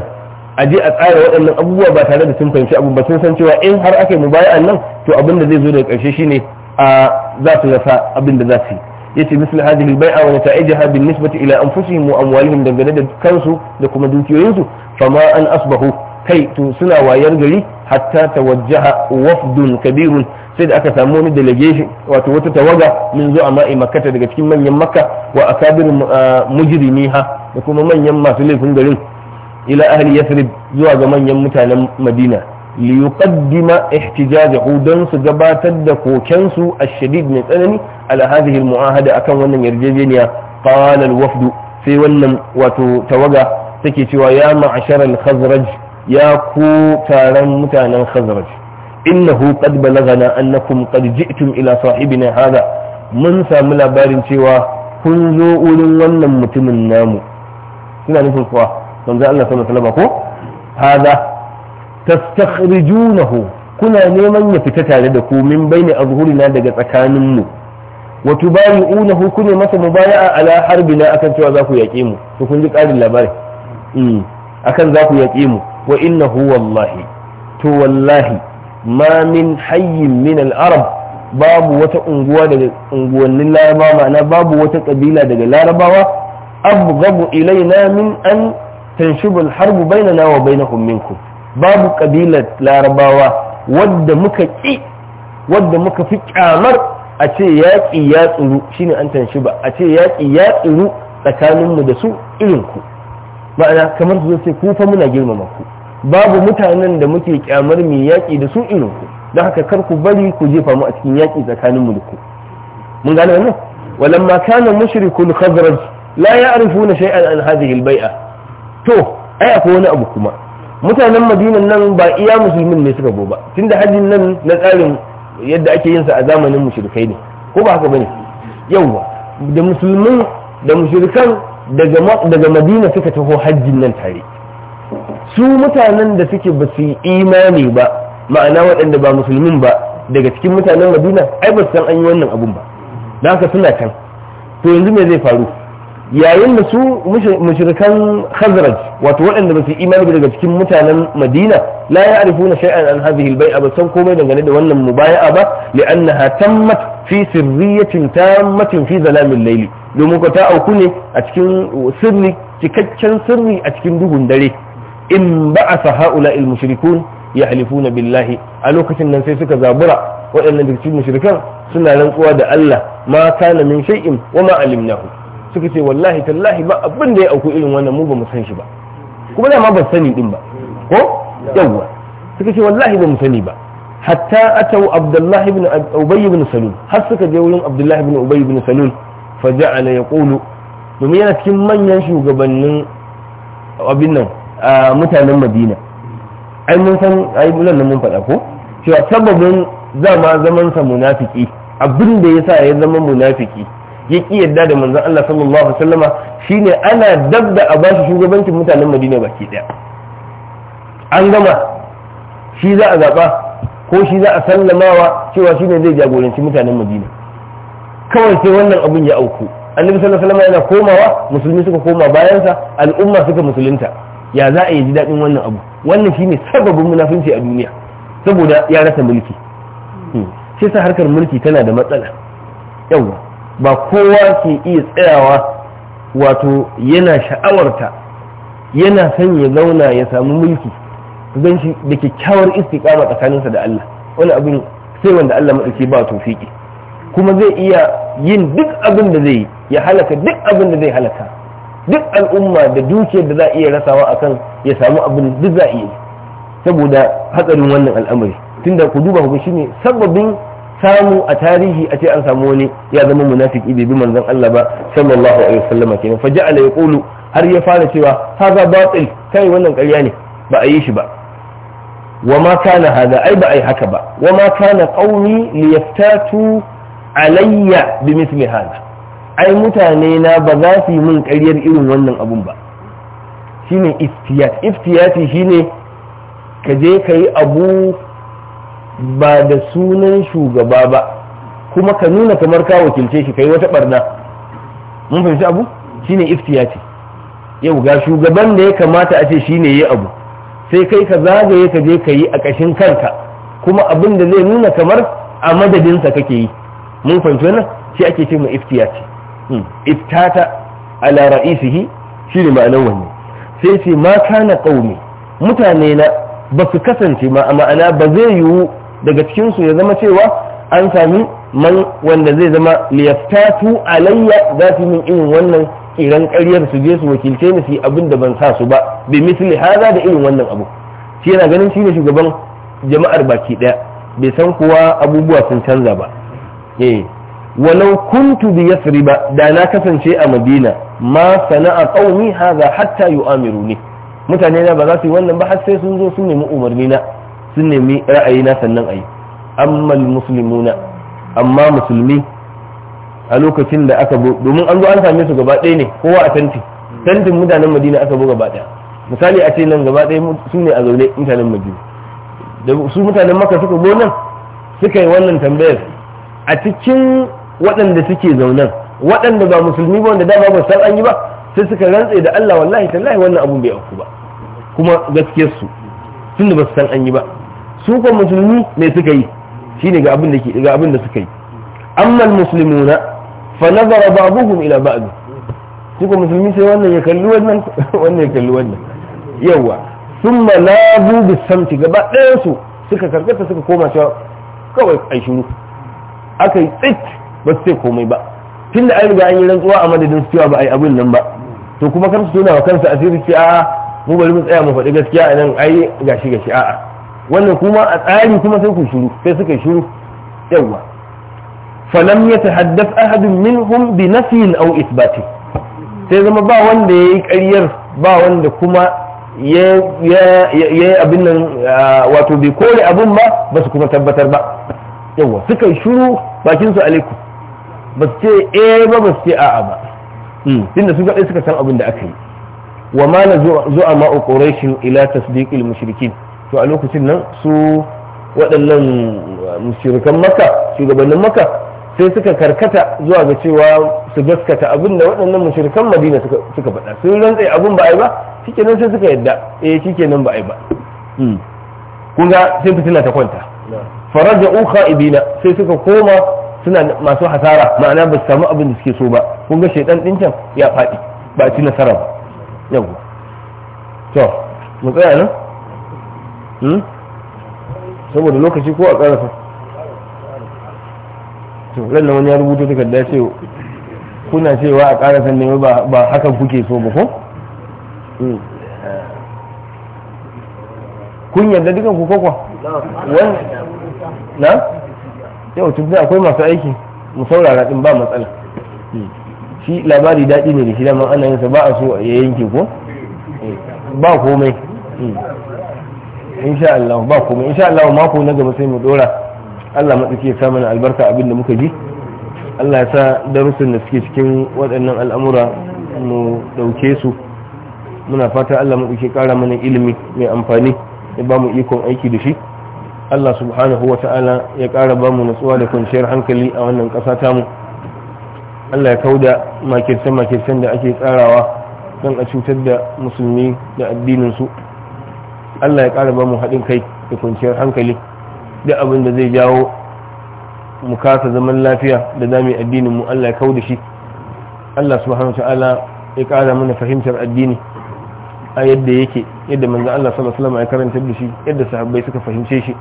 a je a tsara waɗannan abubuwa ba tare da sun fahimci abu ba sun san cewa in har aka yi mubaya'an nan to abin da zai zo da karshe shine a za su rasa abin da za su yi yace misal hadhihi a baia wa nata'ijaha bin nisbati ila anfusihim wa amwalihim dangane da kansu da kuma dukiyoyinsu fama an asbahu kai to suna wayar gari hatta wajaha wafdun kabirun sai da aka samu wani delegation wato wata tawaga min zuwa a ma'i daga cikin manyan makka wa akabirin uh, mujrimiha da kuma manyan masu laifin garin ila ahli yathrib zuwa ga manyan mutanen madina li yuqaddima ihtijajahu dan su gabatar da koken su shadid mai tsanani ala hadhihi almu'ahada akan wannan yarjejeniya qala alwafd sai wannan wato tawaga take cewa ya ma'ashara al-khazraj ya ku taron mutanen khazraj innahu qad balagana annakum qad ji'tum ila sahibina hada mun samu labarin cewa kun zo wurin wannan mutumin namu suna nufin kuwa manzo Allah sallallahu alaihi ko hada tastakhrijunahu kuna neman ya fita tare da ku min baini azhurina daga tsakanin mu wa tubayi'unahu kuna masa mubaya'a ala harbina akan cewa za ku yaƙe mu to kun ji ƙarin labarin hmm, akan za ku yaƙe mu wa innahu to wallahi mamin hayyin min al-arab babu wata unguwa daga unguwannin laraba ma'ana babu wata kabila daga larabawa abgabu ilaina min an tanshibu al-harb bainana wa bainahum minkum babu kabilar larabawa wadda muka fi kyamar a ce yaƙi ya tsuru shine an tanshiba a ce yaƙi ya tsuru tsakaninmu da su irinku ma'ana kamar su zai ku fa muna girmama ku babu mutanen da muke kyamar mai yaƙi da su irin ku don haka kar ku bari ku jefa mu a cikin yaƙi tsakanin mulku mun gane wannan walamma kana mushrikul khazraj la ya'rifuna shay'an an hadhihi al-bai'a to ai akwai wani abu kuma mutanen madinan nan ba iya musulmin ne suka ba tunda hajjin nan na tsarin yadda ake yin sa a zamanin mushrikai ne ko ba haka bane yawa da musulmin da mushrikan daga daga madina suka taho hajjin nan tare su mutanen da suke ba su imani ba ma'ana waɗanda ba musulmin ba daga cikin mutanen madina ai ba su san an yi wannan abun ba da haka suna can to yanzu me zai faru yayin da su mushrikan khazraj wato waɗanda ba su imani ba daga cikin mutanen madina la ya'rifuna shay'an an hadhihi al baya ba san komai dangane da wannan mubaya'a ba li'annaha tammat fi sirriyatin tammatin fi zalamin layli domin ko ta auku ne a cikin sirri cikakken sirri a cikin duhun dare in sa haula ya mushrikun na billahi a lokacin nan sai suka zabura waɗannan da cikin mushrikan suna rantsuwa da Allah ma kana min shay'in wa ma alimnahu suka ce wallahi tallahi ba abin da ya auku irin wannan mu ba mu san shi ba kuma da ma ba sani din ba ko yawwa suka ce wallahi ba mu sani ba hatta atau abdullah ibn ubay ibn salul har suka je wurin abdullah ibn ubay ibn salul fa ja'ala yaqulu domin yana cikin manyan shugabannin abin nan A mutanen madina ai mun san ai mun nan mun faɗa ko cewa sababin zama zaman sa munafiki abin da sa ya zama munafiki ya ki yadda da manzan Allah sallallahu alaihi wasallama shine ana dabda a bashi shugabancin mutanen madina baki daya an gama shi za a zaba ko shi za a sallamawa cewa shi ne zai jagoranci mutanen madina kawai sai wannan abun ya auku annabi sallallahu alaihi wasallama yana komawa musulmi suka koma bayansa al'umma suka musulunta ya za a yi ji daɗin wannan abu wannan shi ne sababin munafunci a duniya saboda ya rasa mulki hmm. shi sa harkar mulki tana da matsala yawa ba kowa ke iya tsayawa wato yana sha'awarta yana son ya zauna ya samu mulki don shi da kyakkyawar istiƙama tsakaninsa da Allah wani abin sai wanda Allah maɗauki ba tofiki kuma zai iya yin duk abin da zai ya halaka duk abin da zai halaka duk al'umma da dukiyar da za a iya rasawa akan ya samu abin duk za a iya saboda hatsarin wannan al'amari tunda ku duba shi shine sababin samu a tarihi a ce an samu wani ya zama munafiki bai bi manzon Allah ba sallallahu alaihi wasallam kenan fa ja'ala yaqulu har ya fara cewa haza batil kai wannan ƙarya ne ba a yi shi ba wa ma kana hada ai ba ai haka ba wa ma kana qaumi liyaftatu alayya bi mithli hada ai mutane na ba za su yi min ƙaryar irin wannan abun ba shine iftiyat iftiyati shine ka je ka yi abu ba da sunan shugaba ba kuma ka nuna kamar ka wakilce shi ka yi wata barna mun fahimci abu shine iftiyati yau ga shugaban da ya kamata a ce shine yi abu sai kai ka zagaye ka je ka yi a ƙashin kanka kuma abin da zai nuna kamar a madadinsa kake yi mun fahimci wannan shi ake ce mu iftiyati iftata ala ra'isihi shine ma'anar wani sai ce ma kana qaumi mutane na ba su kasance ma ma'ana ba zai yiwu daga cikin su ya zama cewa an sami man wanda zai zama liyaftatu alayya za su min irin wannan kiran ƙaryar su je su wakilce ni su abin da ban sa su ba bi misli haza da irin wannan abu shi yana ganin shi ne shugaban jama'ar baki daya bai san kuwa abubuwa sun canza ba eh walau kuntu bi yasriba da na kasance a madina ma sana'a qaumi hadha hatta yu'amiruni mutane na ba za su yi wannan ba har sai sun zo sun nemi umarni na sun nemi ra'ayi na sannan ayi amma muslimuna amma musulmi a lokacin da aka bo domin an zo an same su gaba ɗaya ne kowa a tanti tantin mutanen madina aka bo gaba ɗaya misali a ce nan gaba ɗaya su ne a zaune mutanen madina da su mutanen maka suka bo nan suka yi wannan tambayar a cikin waɗanda suke zaunan waɗanda ba musulmi ba wanda dama ba san an yi ba sai suka rantse da Allah wallahi tallahi wannan abun bai auku ba kuma gaskiyar su tunda ba su san an yi ba su ko musulmi ne suka yi shine ga abin da ke ga abin da suka yi amma muslimuna fa nazara ba'dhum ila ba'd su ko musulmi sai wannan ya kalli wannan [LAUGHS] wannan ya kalli wannan yawa thumma labu bisamti gaba ɗayan su suka karkata suka koma cewa kawai ai shiru aka yi tsit ba su ce komai ba tun da ainihin an yi rantsuwa a madadin su cewa ba a yi abin nan ba to kuma kan su tona wa kansu asiri ce a'a mu bari mu tsaya mu faɗi gaskiya a nan ai gashi gashi a'a wannan kuma a tsari kuma sai ku shiru sai suka shiru yawwa falam ya tahaddath ahadun minhum bi nafyin aw isbati sai zama ba wanda yayi ƙaryar ba wanda kuma ya yi abin nan wato bai kore abin ba ba su kuma tabbatar ba yawwa suka shiru bakin su alaikum ba su ce eh ba ba su ce a'a ba hmm. da su gaɗe suka san abin da aka yi wa ma na a ma'u ƙorashin ila tasdiqil mushrikin to a lokacin nan su waɗannan uh, mushrikan maka shugabannin maka sai suka karkata zuwa ga cewa su gaskata abin da waɗannan mushrikan madina suka faɗa sun rantsa abin ba a yi ba nan sai suka yadda eh nan ba a yi ba hmm. kun ga sai fitina ta kwanta faraja uka ibina sai suka koma suna masu hasara ma'ana ba su samu abin da suke so ba kun ga shaidan din can ya faɗi ba ci nasara ba yau to mu tsaya nan hmm saboda lokaci ko a ƙarasa to ran nan wani ya rubuta takarda ya ce kuna cewa a ƙarasan ne ba hakan kuke so ba ko hmm. kun yarda dukan ku kokwa na yau tun akwai masu aiki mu saurara din ba matsala shi labari daɗi ne da shi dama ana yinsa ba a so ya yanke ko ba komai insha Allah ba komai insha Allah mako na gaba sai mu dora Allah ma ya sa mana albarka abin da muka ji Allah ya sa darussan da suke cikin waɗannan al'amura mu ɗauke su muna fata Allah matsaki ƙara mana ilimi mai amfani ya ba mu ikon aiki da shi Allah subhanahu wa ta'ala ya ƙara ba mu nutsuwa da kwanciyar hankali a wannan ƙasa mu. Allah ya kauda makirce-makircen da ake tsarawa don a cutar da musulmi da addininsu Allah ya ƙara ba mu haɗin kai da kwanciyar hankali duk abin da zai jawo mu kasa zaman lafiya da zami addinin mu Allah ya kau da shi Allah subhanahu ta'ala ya ƙara mana fahimtar addini a yadda yake yadda manzo Allah sallallahu alaihi wasallam ya karanta da shi yadda sahabbai suka fahimce shi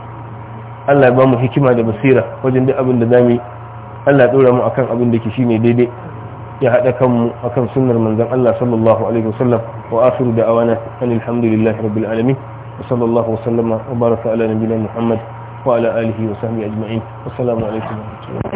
Allah ba mu hikima da basira wajen duk abin da zamu yi Allah ya dora mu akan abin da ke shine daidai ya hada kanmu akan sunnar manzon Allah sallallahu alaihi wasallam wa akhiru da'awana alhamdulillahi rabbil alamin wa sallallahu wa sallama wa baraka ala nabiyyina Muhammad wa ala alihi wa sahbihi ajma'in assalamu alaikum wa rahmatullahi